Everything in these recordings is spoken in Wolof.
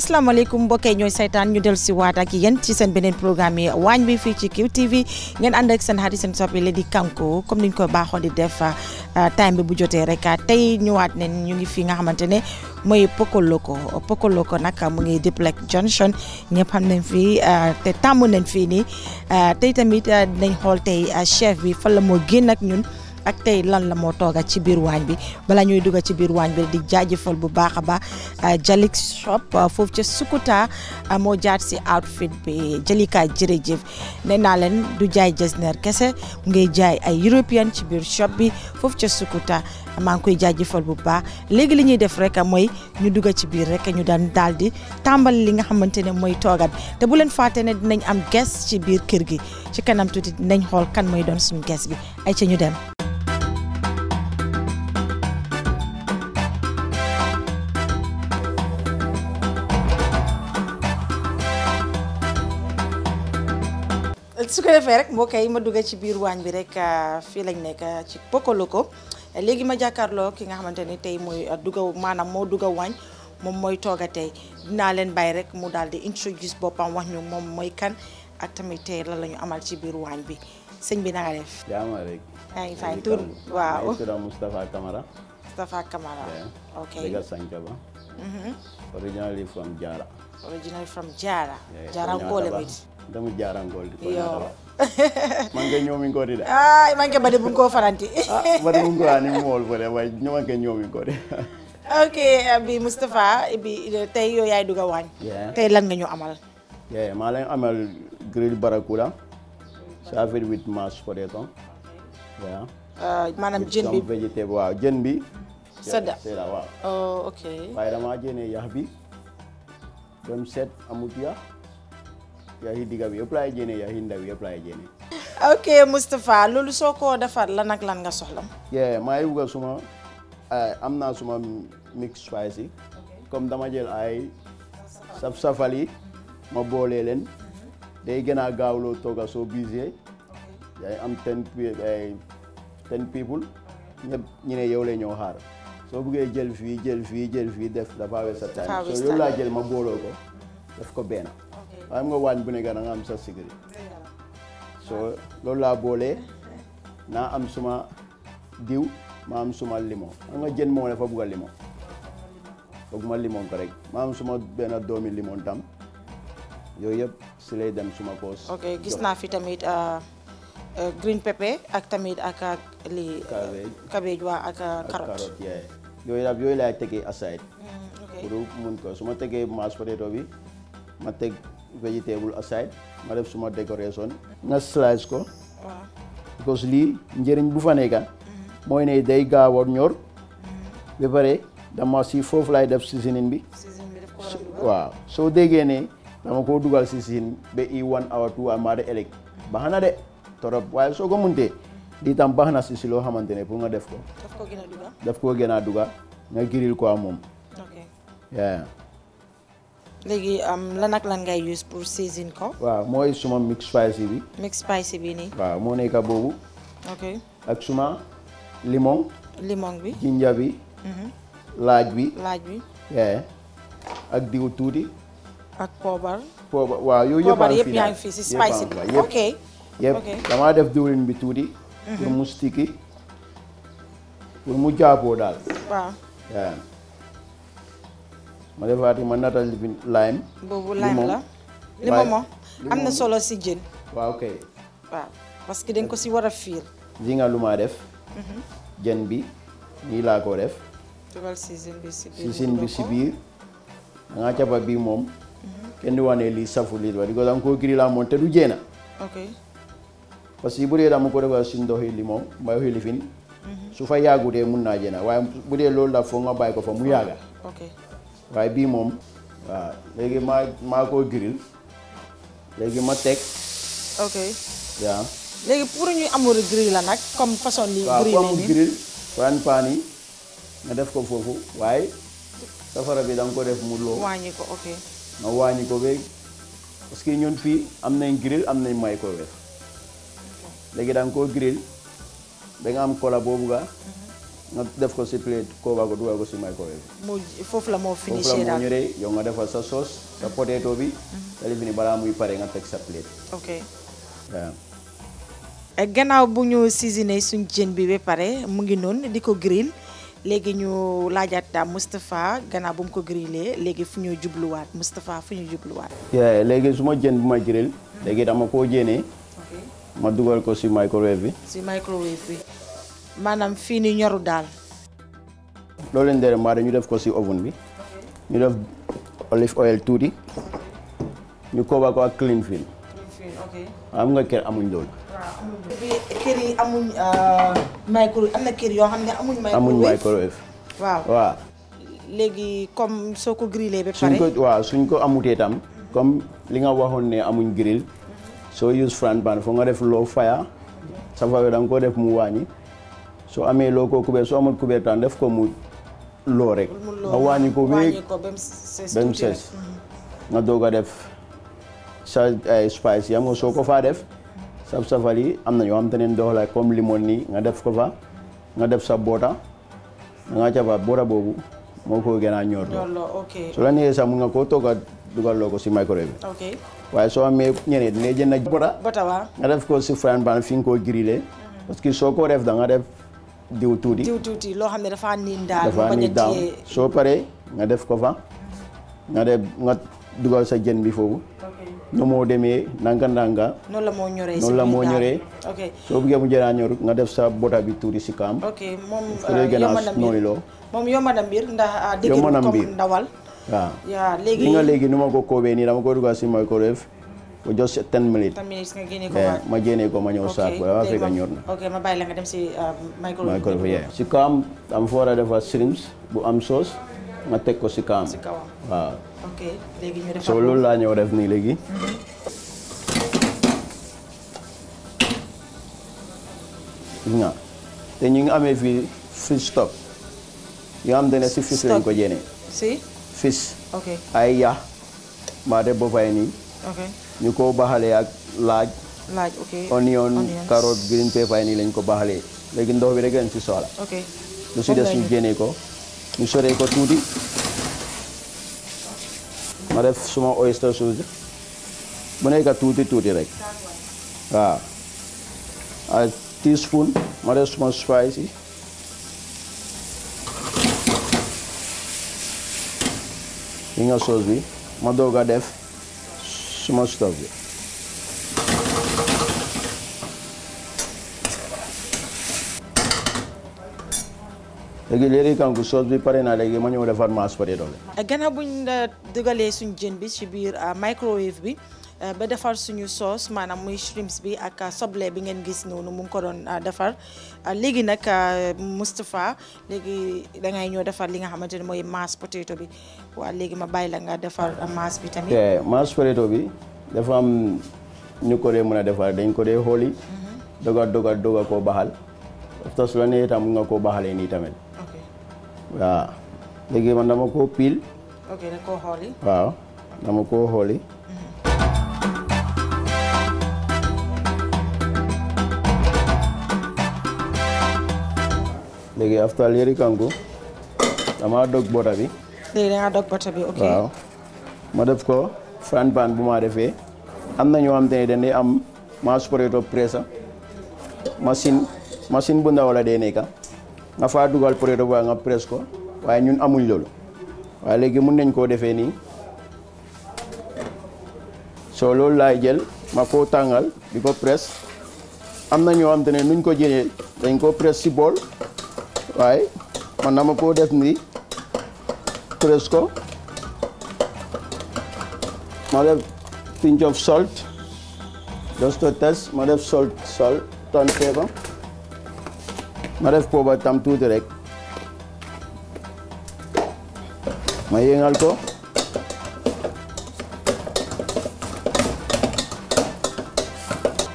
asalaamaaleykum mbokkee ñooy saytaan ñu del si waat ak yéen ci seen beneen programme yi waañ bi fii ci QTV ngeen ànd ak seen xarit seen soppi la di kanko comme niñ ko baaxoo di def euh, time bi bu jotee rek euh, tey ñëwaat ne ñu ngi fii nga xamante ne mooy Pokoloko ko nag mu ngi Diplex Junction ñëpp xam nañ fii euh, te tàmm nañ fii nii tey tamit dinañ xool tey chef bi fan la moo génn ak ñun. ak tey lan la moo tooga ci biir waañ bi bala ñuy dugg ci biir waañ bi di jaajëfal bu baax a baax euh, Jalik shop euh, foofu ca Sukuta euh, moo jaat si outfit bi Jalika jërëjëf nee naa leen du jaay jesner kese mu ngay jaay ay européen ci biir shop bi foofu ca Sukuta maa ngi koy jaajëfal bu baax léegi li ñuy def rek mooy ñu dugg ci biir rek ñu daan daal di tàmbali li nga xamante ne mooy tooga bi te bu leen fàtte ne dinañ am ges ci biir kër gi ci kanam tuuti dinañ xool kan mooy doon suñu guest bi ay ñu dem su ko defee rek mbokk yi ma dugg ci biir waañ bi rek euh, fii lañ nekk euh, ci Pokoloko léegi ma jàkkaarloo ki nga xamante ni tey mooy euh, dugga maanaam moo dugga waañ moom mooy tooga tey dinaa leen bàyyi rek mu daal di introduce boppam wax ñu moom mooy kan ak tamit tey lan la ñu amal ci biir waañ bi sëñ bi na nga def. jaama ngi fay tur waaw maa ngi tudd Moustapha Camara. Moustapha Camara ok mm-hmm. from Jara. originally from Jara. dama jaaran goldi ko yo manke ñoomi ngoodi de ay manke bade bun ko faranti ah, bade bun ko ani mool fole way ñomanke ñoomi ngoodi ok bi Moustapha a waañ tey lan nga ñu amal ye maa leen amal grill barakuda servi with mashed potato waaw euh, maanaam jën bi végétable waaw jën bi sedda sedda waaw oh, ok waaye dama jënee yax bi dem set amut yax yaa ngi digga bi yëpp laay jéene yaa ngi ndaw yëpp laay jéene ok Moustapha loolu soo ko defar lan ak lan nga soxla yee maa ngi bugga suma eh, am naa suma mix spice yi comme dama jël ay saf safal yi ma boolee leen day gën a gaawloo tooga soo busy yaay am ten eh, ten people ñëpp ñu ne yow la ñoo xaar soo buggee jël fii jël fii jël fii def dafa awee sa time soo yow laa jël ma booloo ko def ko benn xam nga waañ bu nekk da nga am sa sigiri so loolu laa boolee naa am suma diw ma am suma limon xam nga jën moom dafa bugg a limon bëgguma limon ko rek ma am suma benn doomi limon tam yooyu yëpp si lay dem suma koos ok gis naa fi tamit uh, uh, green pepper ak tamit ak li uh, cabbage yooyu daal yooyu laay tegee aside mm, pour mun ko su ma tegee mashed potato bi ma teg vegetable aside ma def suma décoration nga slice ko because lii njëriñ bu fa nekka mooy ne day gaaw a ñor ba pare dama si foofu lay def seasoning bi waaw soo déggee ne dama koo dugal si siin ba i one hour two hour maa de ëllëg baax na de torop waaye soo ko muntee lii tam baax na si loo xamante ne pour nga def ko daf koo gën a nga giril ko moom ok léegi lan ak lan ngay use pour season ko. waaw mooy suma mix spicy bi. mix spicy bi boobu. ok ak suma limon. limon bi jinja bi. Mhm. laaj bi laaj bi. ak diw tuuti. ak poobar. poobar waaw yooyu yëpp. poobar yëpp yaa fi si spicy bi ok. yëpp damaa def diwlin bi tuuti. Mhm. pour mu sticky pour mu jaaboo daal. waaw. ma defaati ma natal bi lime. boobu lime la limon limon am na solo si jën. waaw kay. waaw parce que dañ ko si war a fiir. ji nga lu maa def. Mhm. jën bi nii laa ko def. si jën bi si biir si jën bi bii moom. Mhm. kenn di wax ne lii safu lii ba di ko da koo giri moom te du jeena. ok bu dee daa ma ko defal si ndoxi limon mbay xilifin mhm. su fa yàggutee mun naa jeena waaye bu dee loolu la foog nga bàyyi ko fa mu yàgga. waaye bii moom waaw léegi maa maa ko grill léegi ma teg. ok waaw. léegi pour ñu amul grill la nag comme façon ni. grill waaw comme yi nga def ko foofu waaye safara bi da ko def mu loo. wàññi ko ok. nga wàññi ko beeg parce que ñun fii am nañ grill am nañ microwave léegi da nga koo grill danga am kola boobu nga. Mhm. nga def ko si plate koobaa ko dugal ko si microwave mu foofu la moo finissé daal foofu yow nga defal sa sauce sa potato bi talifi mhm. ni balaa muy pare nga teg sa plate ok waaw eh, gannaaw bu ñu cuisine suñ jën bi ba pare mu ngi noonu di ko grill léegi ñu laajaat daal Moustapha gannaaw bu mu ko grillé léegi fu ñu jubluwaat Moustapha fu ñu jubluwaat. léegi su ma jën bu ma grill mhm. léegi dama ko jënee ma dugal ko si microwave bi. si microwave bi. maanaam fii ni ñoru daal. loolu leen dere maa ñu def ko si oven bi ñu def olive oil tuuti ñu koobaa ko ak clean film. am nga kër amuñ loolu. amuñ euh, microwave am na kër yoo xam ne amuñ. amuñ microwave waaw waaw. léegi comme soo ko grillé ba pare. suñ ko waaw suñ comme li nga waxoon ne amuñ grill soo use frying pan foo nga def low fire sa fa da nga ko def mu wàññi. soo amee loo ko kubéer soo amul kubéer tan def ko mu loo rek nga wàññi ko wéeg ba mu ses nga doog a def sa spice yam nga soo ko faa def saf safal am na ñoo xam te ne ndox la comme limon nii nga def ko fa nga def sa boota nga ca boota boobu moo ko gën a ñor loo su la neexee sax mu nga koo togga dugal loo ko si microwave bi waaye soo amee ñeneen dina jënd bota nga def ko si frying pan fi nga koo grillé parce que soo ko def da diw tuuti. diw tuuti loo xam ne dafa niin daal. dafa niin soo paree nga def ko fa nga def nga dugal sa jën bi foofu. nu moo demee nanga nanga. noonu la moo ñoree noonu la moo ñoree. ok soo bëggee mu jëlaat ñor nga def sa bota bi tuuti si kaam. ok euh, a yomba na mbir moom yomba na mbir ndax. Euh, yomba na ndawal. waaw léegi li nga léegi nu ma ko koobee nii dama ko dugal si microwave ko just 10 minutes 10 minutes nga génné ko yeah. ma génné ko ma ñëw saak ba ma fekk ñor na ok ma bàyyi la nga dem si michael microwave yeah. si kaam am foora defa shrimps bu am sauce ma tek ko si kam si kawam waaw ok legi ñu def so loolu la ñëw def ni legi nga te ñu ngi amé fi fish stock yo am dene ci fish lañ ko jene si fish ok ay ya ma de bo fay ni ok ñu ko baxalee ak laaj. laaj ok onion carotte green pepper yi nii lañ ko baxalee léegi ndox bi rek lañ ci soxla. ok lu si des ñu génnee ko ñu soree ko tuuti. ma def suma oyster sauce bu nekk tuuti tuuti rek waaw a teaspoon ma def suma spice yi li nga sauce bi ma doog a def. しましたぜ léegi-léegi kan ko soos bi pare naa léegi ma ñëw defar maas pare doole gannaaw buñ dugalee suñ jën bi ci biir microwave bi Euh, ba defar suñu sauce maanaam muy shrimps bi ak soble bi ngeen gis nu mu ngi ko doon euh, defar euh, léegi nag Moustapha léegi da ngay ñëw li nga xamante ne mooy mashed potato bi léegi ma bàyyi la nga defar mashed bi tamit. te mashed potato dafa am ñu ko dee mën a defar dañ ko dee xooli. Mm-hmm. doga doga doga koo baxal afta su la nga koo baxalee nii tamit. waaw na man dama koo pile. ok da koo xooli. xooli. léegi after yëri kanku dama dog bota bi. léegi dangaa dog bota bi ok. waaw ma def ko frying pan bu ma defee am na ñoo xam te ne dañ am mass potato machine machine bu ndaw la dee nekka nga faa ko waaye ñun amuñ loolu waaye léegi mun nañ koo defee nii soo loolu laay jël ma koo tàngal di ko presse am na ñoo xam te nuñ ko jëlee dañ koo presse si bool. waaye man dama koo def nii presse ko ma def pinch of salt just to test ma def salt salt ton pepper ma def poobar tam tuuti rek ma yëngal ko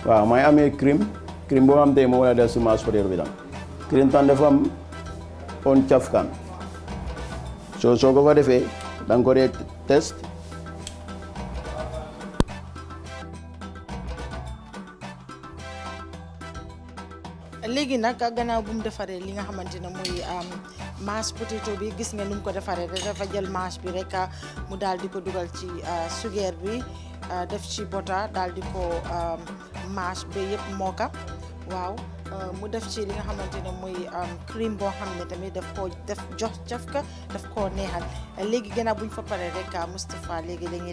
waaw may amee crème crème boo xam te moo war a def si masque bi tam crème tam dafa am on cafkaan soo soo ko fa defee da nga ko dee test léegi nag gannaaw bu mu defaree li nga xamante ne mooy mash potato bi gis nga nu ko defaree dafa jël mash bi rek mu dal di ko dugal ci ah, sugeer bi ah, def ci bota daal di ko mash ba yëpp mooka waaw Euh, mu def ci li nga xamante ne muy euh, cream boo xam ne tamit daf koo def jox jaf ka daf koo neexal léegi fa paree rek euh, Moustapha léegi dañuy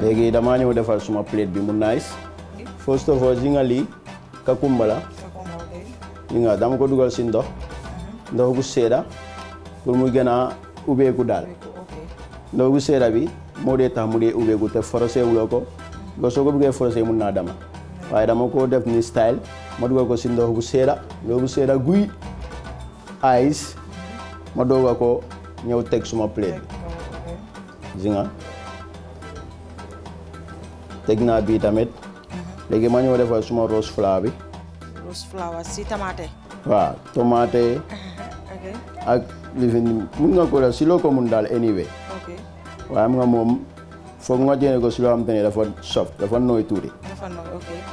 léegi damaa ñëw defar suma plate bi mu nice. first of all li nga lii kakumba la. li nga dama ko dugal si ndox. Mhm. ndox gu seeda pour mu gën a ubbeeku daal. ndox gu seeda bi moo dee tax mu dee ubbeeku te forcé ko. Mhm. soo ko bëggee forcé mun naa dama. Mhm. waaye dama ko def ni style. ma dugal ko si ndox bu seeda ndox bu seeda guy ice ma dooga ko ñëw teg suma plate bi nga teg naa bii tamit mhm. léegi ma ñëw defal suma rose flower bi rose si tomate waaw tomate ak lifin mun nga ko def si loo ko mun daal anyway waaye am nga moom foog nga jëne ko si loo xam te ne dafa soft dafa nooy tuuti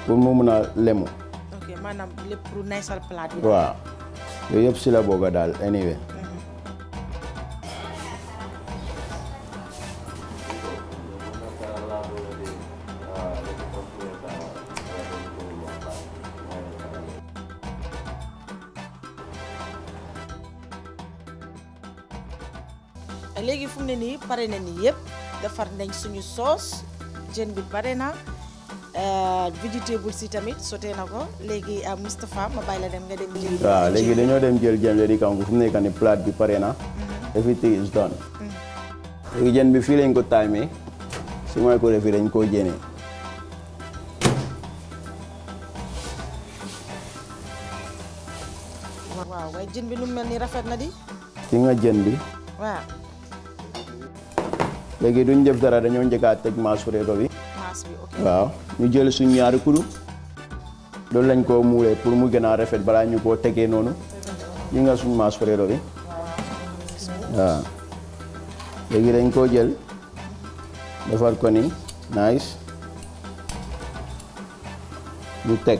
pour mu mun a lemu maanaam lépp pour naysal plat yëpp si la booga daal léegi fu ne nii pare na nii yëpp defar nañ suñu soos jën bi pare na. Euh, vegetable si tamit sotee léegi euh, Moustapha ma waaw léegi dañoo dem jël jën bi di kangu fu pare na. Mhm. everything mhm. jën bi fii lañ ko taamee su ma ko defee dañ koo jënee. waaw jën bi lu mel ni rafet na di. ki nga jën bi. waaw. léegi duñ def dara dañoo njëkk a teg maas bi. maas bi waaw. ñu jël suñ ñaari kudu loolu lañ ko muulee pour mu gën a rafet balaa ñu koo tegee noonu li nga suñu maas frère bi waaw léegi dañ koo jël defal ko ni nice ñu teg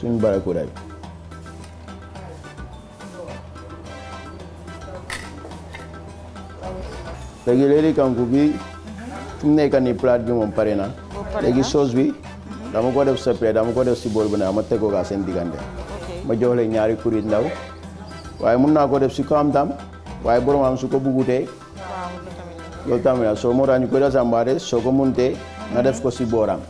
suñu barakuda bi léegi léegi kanku bi fi mu nekk nii plate bi moom pare na léegi soos bi mhm. dama ko def separate dama ko def si bool bu ne ma teg ko kaa seen diggante ma jox ñaari kurit ndaw waaye mun naa ko def si kawam tam waaye borom am su ko bugutee loolu tamit la soo moo tax ñu koy dasambaare soo ko muntee nga mhm. def ko si booram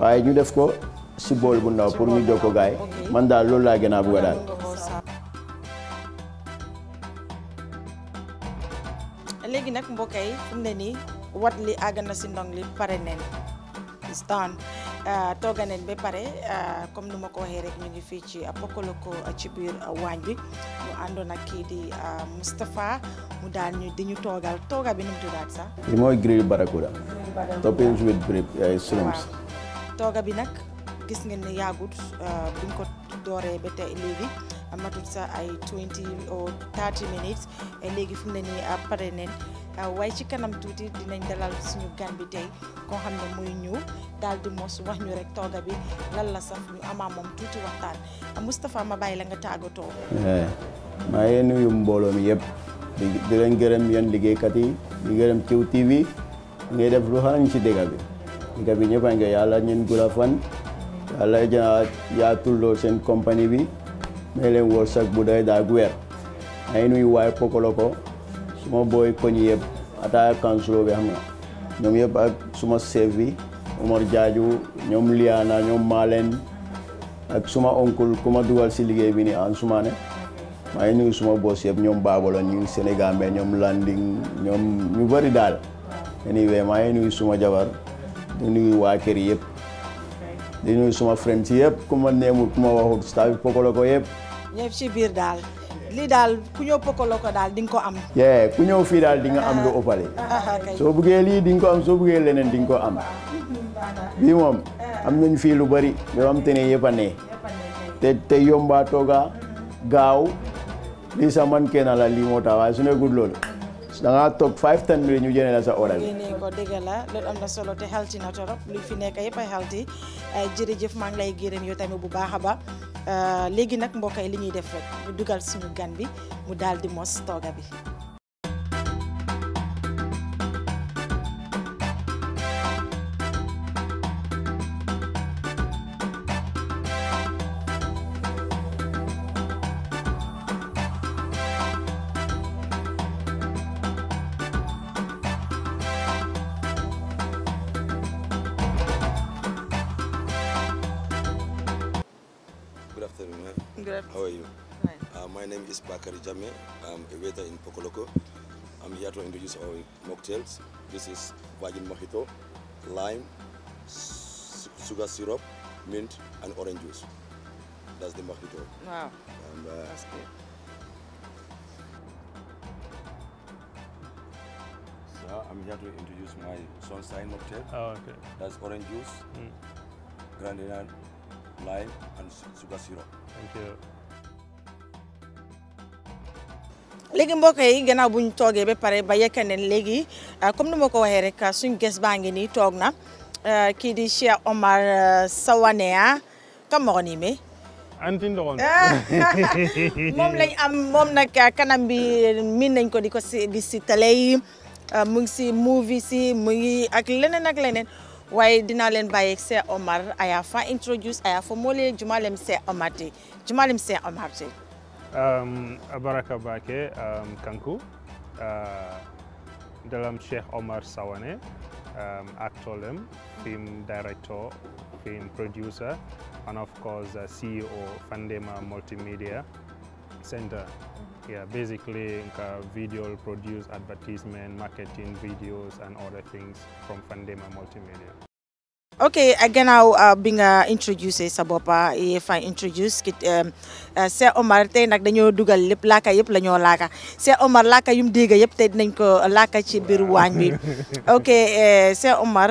waaye ñu def ko si bool bu ndaw pour ñu jokkoo gaay man daal loolu laa gën a bëgg daal. léegi nag mbokk yi fi mu ne nii wat li àgg na si ndong li pare neen is done ah, tooga neen ba pare ah, comme nu ma ko waxee rek ñu ngi fii ci a Pokoloko ah, ci biir waañ bi ñu ànd nag kii di Moustapha mu daal di ñu toogal tooga bi nu mu tuddaat sax. li mooy grill barracuda toppings with shrimps eh, tooga bi nag. gis ngeen ne yàggut euh, biñ ko dooree ba tey léegi amatul sax ay 20 or 30 minutes léegi fu mu ne nii euh, pare neen euh, waaye ci kanam tuuti dinañ dalal suñu gan bi tey koo xam ne muy ñëw daal di mos wax ñu rek tooga bi lan la sax ñu amaa moom tuuti waxtaan Moustapha ma bàyyi la nga tàggatoo. Eh, maa ngi nuyu mbooloo mi yëpp di leen gërëm yéen liggéeykat yi di gërëm Q TV ngay def lu xarañ ci dëgg bi dëgg bi ñëpp a yàlla ñun gula fan. yàlla yaatul loo seen compagnie bi may leen wërsëg bu doy daal weer maa Pokoloko suma boy koñ yëpp ataaya kansulo bi xam nga ñoom yëpp ak suma chef bi Omar Jaaju ñoom Liana ñoom malen ak suma oncle ku ma dugal si liggéey bi ni Ansoumane maa ngi nuyu suma boss yëpp ñoom Baabalo ñu Sénégal mais ñoom Landing ñoom ñu bëri daal anyway maa ngi nuyu suma jabar di nuyu kër yëpp. di nuyu suma friends yëpp ku ma neemul ku si waxul staff Pokoloko yëpp. ñëpp ci biir daal lii daal ku ñëw Pokoloko daal di nga ko am. yee ku ñëw fii daal dinga am lu ëppale. Ah, ah, ah, soo buggee lii di nga am soo buggee leneen di nga ko am. bii moom am nañ fii lu bari yoo am te ne a ne te te yombaa gaaw lii sax man kenn la lii moo tax waaye su nekkul loolu. da ngaa toog 5 10 minutes ñu génne la sa oral. génne ko dëgg la solo te xalti na torop lu fi nekk yëpp ay xalti jërëjëf maa lay gërëm yow tamit bu baax a baax euh, léegi nag mbokk yi li ñuy def rek dugal suñu gan bi mu daal di mos tooga bi. waaw parce que. So I'm here to introduce my sunshine mocktail. Oh, ah, okay. That's orange juice, mm. grenadine, lime, and sugar gannaaw bu ñu toogee ba pare ba yekk léegi ah, comme ni ma ko waxee rek baa ngi nii toog na ah, kii di Cheikh Omar Sawaneh ka mɔgɔ nin bɛ anti ndogon Mom lañ am um, moom nag kanam bi min nañ ko di si di si télé yi um, mu ngi si movie si mu ngi ak leneen ak leneen waaye dinaa leen bàyyi Sir Omar aya fa introduce aya fa moo lee jumalem Sir Omar te jumalem Sir Omar te um, Abaraka Bake um, Kanku uh, dalam Sheikh Omar Sawane um, aktor film director film producer and of course uh, CEO Fandema Multimedia Center. Mm-hmm. Yeah, basically uh, video produce advertisement, marketing videos and other things from Fandema Multimedia. ok Okay, gannaaw uh, bi nga introduce sa boppa if I introduce kit Cheikh um, uh, tey nag dañoo dugal lépp laaka yëpp la ñoo laaka Cheikh Omar laaka yum dégg yëpp tey dinañ ko laaka ci biir waañ bi ok Cheikh uh, Omar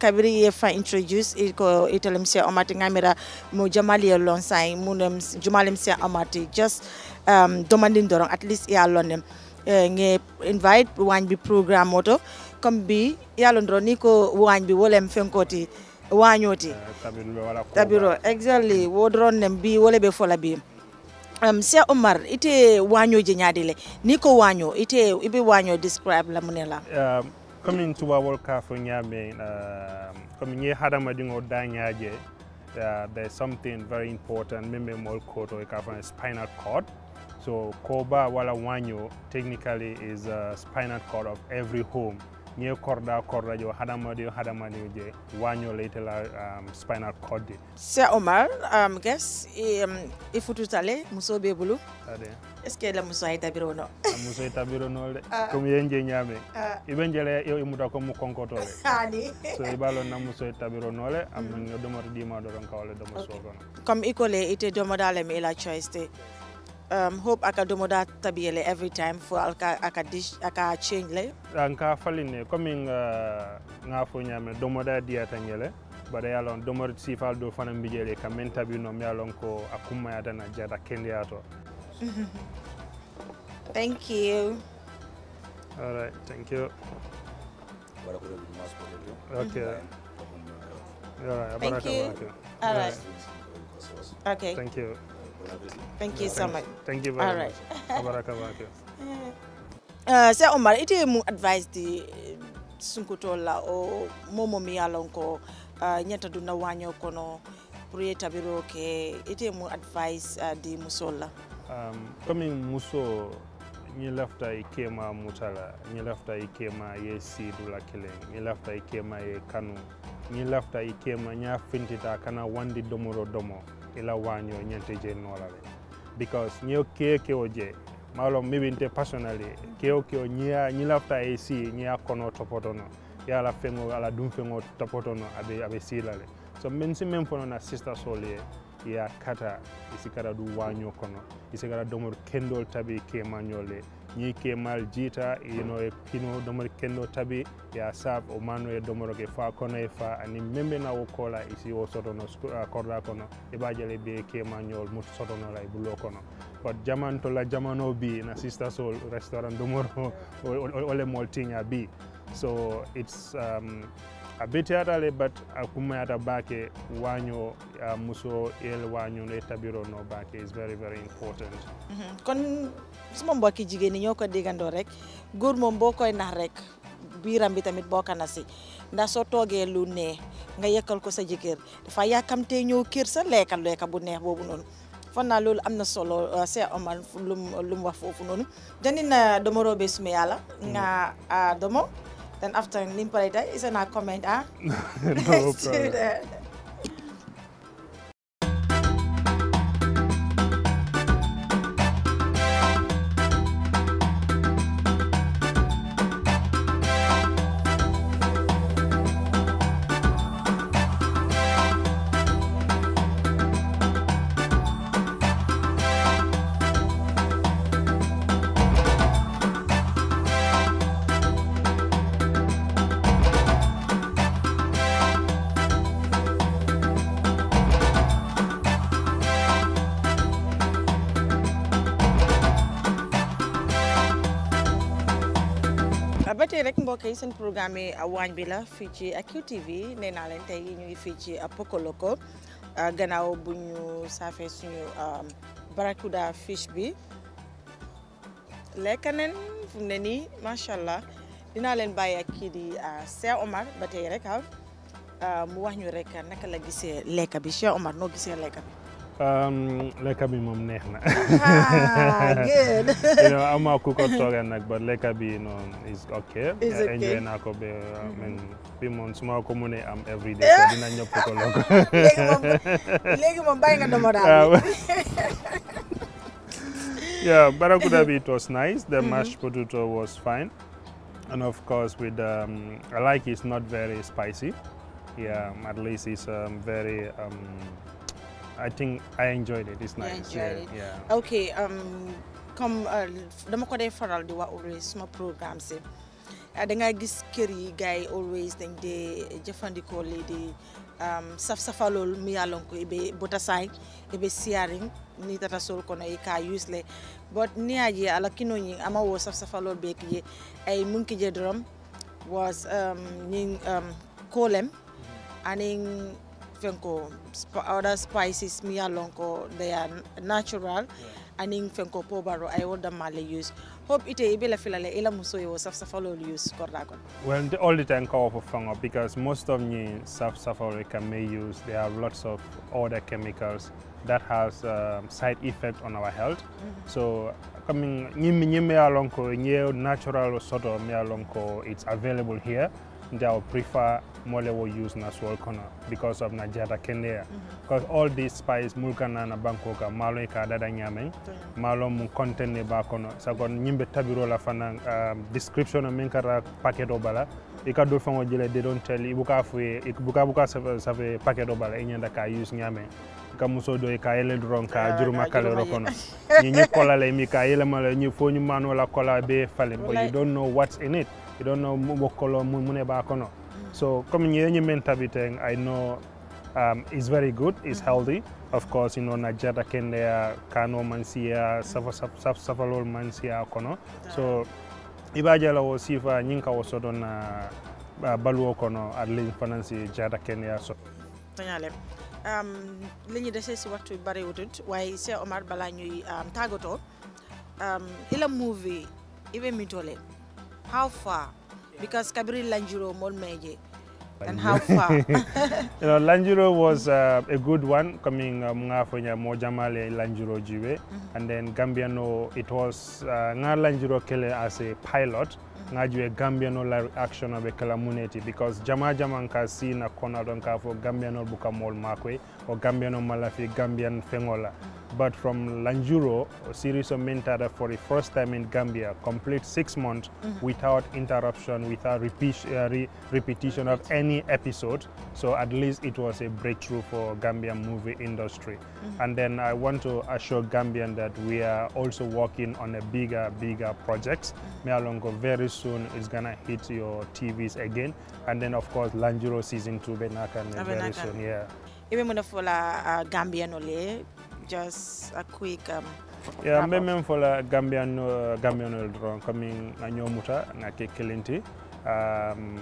kabiri if I introduce ko italim Cheikh Omar ti ngamira mo jamali e lon sai mu nem jumalim Cheikh Omar ti just um, domandin dorong at least ya lonem nge invite waañ bi programme oto comme bi yalondro ni ko wañ bi wolem fenkoti wañoti eh, tabiro exactly wodron nem bi wolé be fola bi am sia omar ite waño je ñadile ni ko waño ite ibe waño describe la munela um, comme tubabol ka fo ñame comme ñe hadamadiŋo dañaje Uh, there's something very important meme mol koto ka fo spinal cord so koba wala wanyo technically is a spinal cord of every home ñe corda korda jo hadama de hadama de je wanyo late la um, spinal cord de c'est omar um guess e um, e fututale muso be bulu ade est ce que la muso ay tabiro no muso ay tabiro no de comme yen je nyame ibe njele yo imuta ko mu konkoto le ani so e balo na muso ay tabiro no le am na ngi domo di ma do ron kawle domo so kono comme ikole ite domo dale mi la choice te um, hope aka domo da tabiyele every time fo aka aka dish aka change le anka faline comme uh, nga nga fo nyame domo da dia tangele bada ya lon domo si fal do fana mbijele kam men tabi no ya lon ko akuma ya dana jada kende ya to thank you all right thank you okay mm-hmm. all right thank you all right okay thank you Thank you so much. Thank you very All right. much. uh, Sir Omar, ite mu advice di eh, sunkutola o momo mi alonko uh, nyata duna wanyo kono pure tabiro ke ite mu advice uh, di musola. Um, kami muso ñi lafta i kema mutala ñi lafta i kema ye sidula kelen ñi lafta i kema ye kanu ñi lafta i kema ña fintita kana wandi domoro domo ila waño ñante je nola le because ñeo ke ke o je malo mibinte personally ke o ke o ñia ñi lafta si ñia kono topotono ya la fengo ala dum fengo topotono abe abe sila le so men si men fono na sister solie ya kata isikara du waño kono isikara domor kendol tabi manyole ni ñi mal jiita ino e pino domor kendo tabi ya sab o mano e domoroke fa kono e fa ani membe na wokola isi o sotono uh, korda kono e bajale be manyol mut soto no e bulo kono bat jaman to la jamano bi na sister soul restaurant domoro ole moltinya bi so it's um, a a le bat a kummayata baake waño a muso el waño no e tabiro no baake is very very important mhm. kon suma mbokki jigéen ñi ñoo ko déggandoo rek góor moom boo koy nax rek biiram bi tamit boo na si ndax soo toogee lu ne nga yekkal ko sa jëkkër dafa yàkkamtee ñëw kër sa lekkal lekka bu neex boobu noonu foog naa loolu am na solo se euh, Omar lu wax foofu noonu janina domoro be suma yàlla nga mm. ah, domo Then after in Limpa later, it's an comment, ah? no problem. tey seen programme yi uh, waañ bi la fii ci uh, QTV nee naa leen tey ñu ngi fii ci uh, Pokoloko gannaaw bu ñu saafee suñu um, barracuda fish bi lekk nañ fu mu ne nii macha allah dinaa leen bàyyi ak kii di Cheikh Omar ba tey rek ah mu wax ñu rek naka la gisee lekk bi Cheikh Omar noo gisee lekk Um, lekka bi moom neex na. Ah, good. you know amaa ku ko toogee nag but lekka bi noonu is ok. is ok enjoy naa ko ba man bi moom su ma ko mënee am every day. dina ñëpp ko loo ko. léegi moom léegi moom bàyyi nga domo daal. yeah, barakuda it was nice. The mm-hmm. mashed potato was fine, and of course, with um, I like it's not very spicy. Yeah, at least it's um, very. Um, I think I enjoyed it. It's nice. Yeah, yeah. Okay. Um, Come. Uh, dama ko day faral di wax always suma I si I uh, gis scary guy always yi always dañ de. jëfandikoo lii di um, saf safalo mi yàllon ko ibe botasaay ibe siyaring ni tata sol kono na ka use but ni aye ala kino ñing ama wo saf safalo beek ye ay munki je drum was um, ñing um, kolem mm-hmm. aning fenko other spices mi lonko they are natural yeah. in fenko pobaro i order male use hope ite ibela filale ila muso yo saf safalo use korda kon well the, all the time call for fungo because most of the saf safalo can may use there are lots of other chemicals that has um, side effect on our health mm -hmm. so coming nyimi nyimi alonko natural soto mi alonko it's available here they'll prefer wo use na Naswal Kona because of jada Kendea. Mm-hmm. Because mm -hmm. all these spies mulka na Bangkoka malo ika dada nyame malo mu content ne ba kono kon nyimbe tabiro la fana um, description men kara packet obala mm-hmm. ika do fango jile they don't tell ibuka fu ibuka buka save packet obala inyanda ka use nyame ka muso do ka ele dron ka juru kale ro kono ni ni kola le mi ka yele mala ni fo ni manola kola be fale but you don't know what's in it iɗonno wokkolo muneba kono so comme ñeñimen tabiten i know um, is very good is mm-hmm. healthy of course you know najjata kendeya kano man siya safalol man siya kono so jala wo sifa ñin ka wo soto na baluwo kono at least fanan si jata kendeya so tanyale um, li ñi dese si waxtu bari wutut waaye Cheikh Omar balaa ñuy um, tagoto um, ila movie ibe mitole how far? Because Kabiri Lanjiro Molmeje. And how far? you know, Lanjiro was uh, a good one coming uh, mngafonya mojamale Lanjiro jiwe mm-hmm. and then Gambiano it was uh, nga Lanjiro kele as a pilot mm-hmm. Jiwe Gambiano action of Kalamuneti because jama jama nka si na kona Donka ka Gambiano Bukamol makwe o Gambiano malafi Gambian fengola. Mm -hmm. but from Lanjuro, of Mintada for the first time in Gambia, complete six months mm -hmm. without interruption, without repeat, uh, re repetition of any episode. So at least it was a breakthrough for Gambian movie industry. Mm -hmm. And then I want to assure Gambian that we are also working on a bigger, bigger project. Mealongo mm-hmm. very soon is gonna hit your TVs again. And then of course Lanjuro season two, Benakan very soon, yeah. Even when uh, Gambian just a quick um, yeah mbe for fola gambian uh, oil drone komin a ñomuta nga ke kelinti um,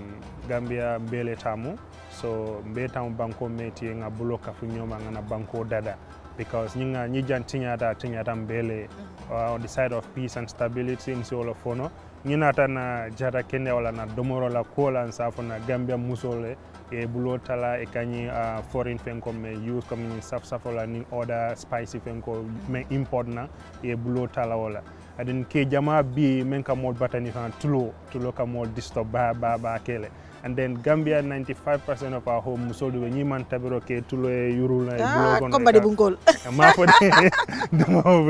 gambia mbele tamu so mbele tamu banko meti nga bulo fu nyoma nga na banko dada because ñinga ñi jan tiñata tiñata mbele mm-hmm. uh, on the side of peace and stability in solo fono ñinata na jata kenya wala na domoro la kola safo na gambia musole e bulo tala e kañi uh, foreign fen ko mi use comme saf safola ni oda spicy fen ko min import na e bulo tala wala adin ke jama bi min ka mol batani han tulo tulo ka mol disturb ba ba ba kele and then Gambia 95% of our home do ni man tabiro ke tulo e na e bulo kono ah e e ma fo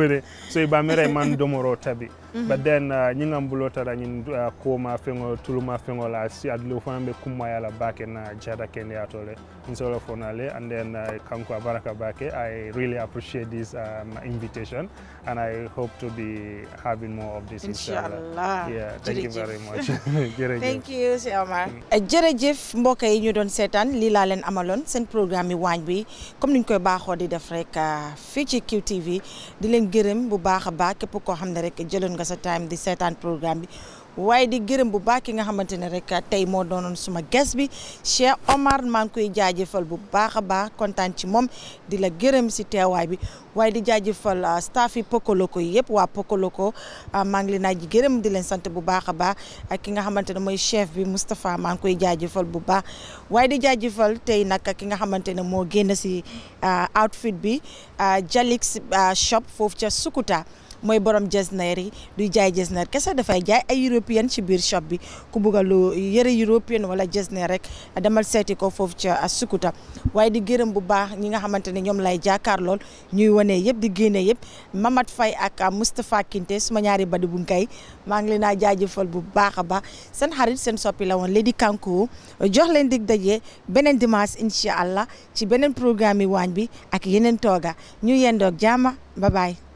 de so e mere e man domoro tabi -hmm. but then ñinga uh, mbulotara nyin uh, koma tuluma fengo la si adlo fana be kummaya la bake na jada kende atole insolo fonale and then uh, kanko baraka bake i really appreciate this um, invitation and i hope to be having more of this inshallah, inshallah. yeah thank Jere you very much thank you Omar mm. eh, jërëjëf mbokk yi ñu doon seetaan lii laa leen amaloon seen programme yi waañ bi comme niñ koy baaxoo di def rek uh, fii ci QTV di leen gërëm bu baax a baax ko xamne xam ne rek jëloon nga sa time di seetaan programme bi waaye di gërëm bu baax ki nga xamante ne rek tey moo doonoon suma ges bi Cheikh Omar maa ngi koy jaajëfal bu baax a baax kontaan ci moom di la gërëm si teewaay bi waaye di jaajëfal ah, staff yi Pokoloko yi yëpp waa Pokoloko ah, maa ngi naa ji gërëm di leen sant bu baax a baax ak ki nga xamante ne mooy chef bi Moustapha maa ngi koy jaajëfal bu baax waaye tey nag ki nga xamante ne moo génn si ah, outfit bi Jalix shop foofu ca Sukuta mooy borom jesner yi duy jaay jesner kese dafay jaay ay européenne ci biir shop bi ku bëgg a lu yëre européenne jees jesner rek demal seeti ko foofu ca Sukuta waaye di gërëm bu baax ñi nga xamante ne ñoom lay jaakaar lool ñuy wane yëpp di génne yëpp Mamat fay ak Moustapha Kinte suma ñaari badi bu kay maa ngi leen naa jaajëfal bu baax a baax seen xarit seen soppi la woon Lady Kanko jox leen dig daje beneen dimanche incha allah ci beneen programme yi waañ bi ak yeneen tooga ñu yendoog jaama bye bye